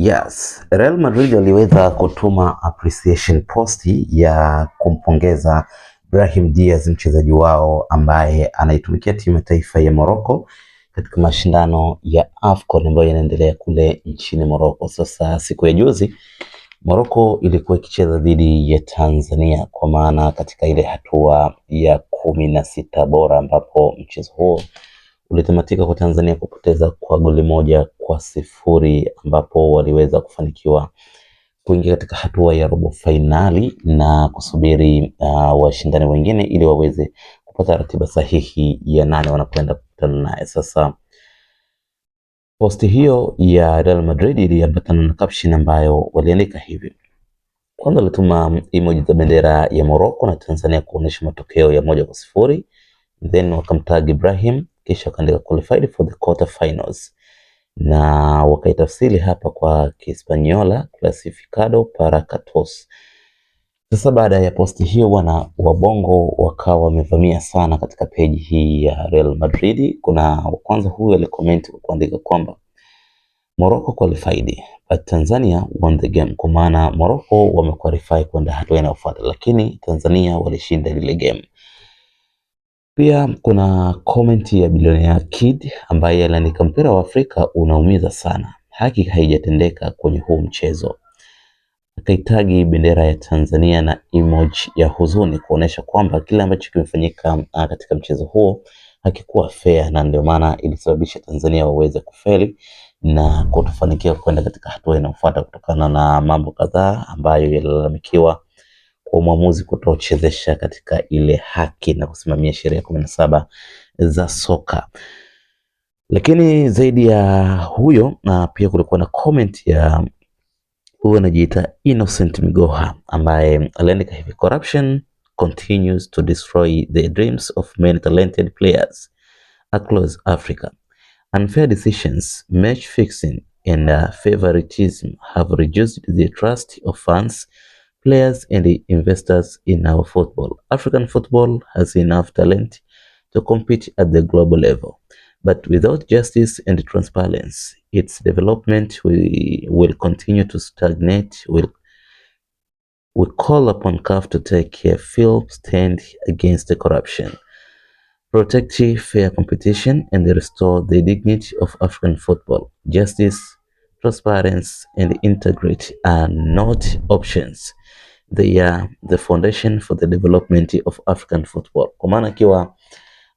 Yes, Real Madrid waliweza kutuma appreciation post ya kumpongeza Brahim Diaz mchezaji wao ambaye anaitumikia timu ya taifa ya Morocco katika mashindano ya AFCON ambayo yanaendelea kule nchini Morocco. Sasa siku ya juzi Morocco ilikuwa ikicheza dhidi ya Tanzania kwa maana katika ile hatua ya kumi na sita bora ambapo mchezo huo ulitamatika kwa Tanzania kupoteza kwa goli moja kwa sifuri ambapo waliweza kufanikiwa kuingia katika hatua ya robo fainali na kusubiri uh, washindani wengine ili waweze kupata ratiba sahihi ya nane wanakwenda kukutana naye. Sasa posti hiyo ya Real Madrid iliambatana na caption ambayo waliandika hivi: kwanza alituma emoji za bendera ya Morocco na Tanzania kuonesha matokeo ya moja kwa sifuri, then wakamtag Ibrahim kisha wakaandika qualified for the quarter finals, na wakaitafsiri hapa kwa Kihispaniola clasificado para cuartos. Sasa baada ya posti hiyo, bwana wabongo wakawa wamevamia sana katika peji hii ya Real Madrid. Kuna wa kwanza huyu alikoment kwa kuandika kwamba Morocco qualified but Tanzania won the game, kwa maana Morocco wamequalify kwenda hatua inayofuata, lakini Tanzania walishinda lile game. Pia kuna komenti ya bilionea Kid ambaye aliandika mpira wa Afrika unaumiza sana, haki haijatendeka kwenye huu mchezo. Akahitaji bendera ya Tanzania na emoji ya huzuni kuonesha kwamba kile ambacho kimefanyika ah, katika mchezo huo hakikuwa fair, na ndio maana ilisababisha Tanzania waweze kufeli na kutofanikiwa kwenda katika hatua inayofuata kutokana na mambo kadhaa ambayo yalilalamikiwa kwa mwamuzi kutochezesha katika ile haki na kusimamia sheria kumi na saba za soka. Lakini zaidi ya huyo na pia kulikuwa na comment ya huyo anajiita Innocent Migoha ambaye aliandika hivi, corruption continues to destroy the dreams of many talented players across Africa. Unfair decisions, match fixing and favoritism have reduced the trust of fans players and investors in our football. African football has enough talent to compete at the global level, but without justice and transparency, its development will continue to stagnate. Will we call upon CAF to take a firm stand against the corruption, protect fair competition, and restore the dignity of African football. Justice, transparency, and integrity are not options they are the foundation for the development of African football. Kwa maana akiwa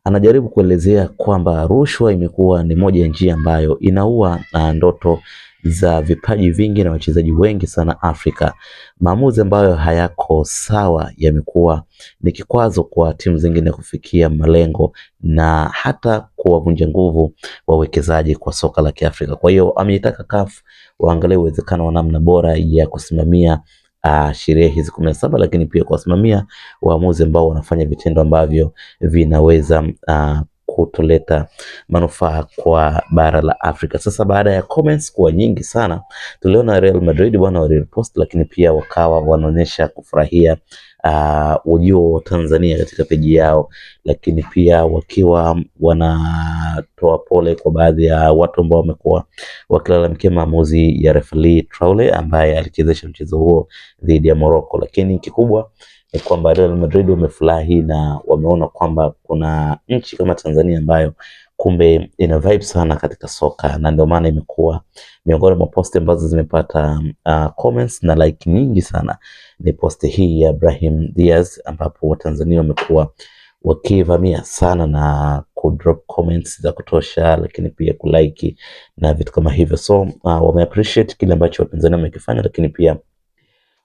anajaribu kuelezea kwamba rushwa imekuwa ni moja ya njia ambayo inaua na ah, ndoto za vipaji vingi na wachezaji wengi sana Afrika. Maamuzi ambayo hayako sawa yamekuwa ni kikwazo kwa timu zingine kufikia malengo na hata kuwavunja nguvu wawekezaji kwa soka la Kiafrika. Kwa hiyo ameitaka CAF waangalie uwezekano wa namna bora ya kusimamia uh, sherehe hizi kumi na saba, lakini pia kuwasimamia waamuzi ambao wanafanya vitendo ambavyo vinaweza uh, kutoleta manufaa kwa bara la Afrika. Sasa baada ya comments kuwa nyingi sana, tuliona Real Madrid bwana walipost, lakini pia wakawa wanaonyesha kufurahia uh, ujio wa Tanzania katika peji yao, lakini pia wakiwa wanatoa pole kwa baadhi ya watu ambao wamekuwa wakilalamikia maamuzi ya referee Traore ambaye alichezesha mchezo huo dhidi ya Morocco, lakini kikubwa ni kwamba Real Madrid wamefurahi na wameona kwamba kuna nchi kama Tanzania ambayo kumbe ina vibe sana katika soka, na ndio maana imekuwa miongoni mwa posti ambazo zimepata uh, comments na like nyingi sana, ni posti hii ya Ibrahim Diaz, ambapo Watanzania wamekuwa wakivamia sana na ku drop comments za kutosha, lakini pia ku like na vitu kama hivyo, so uh, wame appreciate kile ambacho Watanzania wamekifanya, lakini pia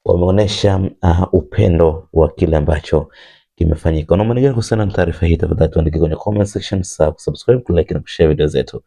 wameonyesha uh, ah, upendo wa kile ambacho kimefanyika. Una maoni gani kuhusiana na taarifa hii? Tafadhali tuandike kwenye comment section, subscribe, like na kushare video zetu.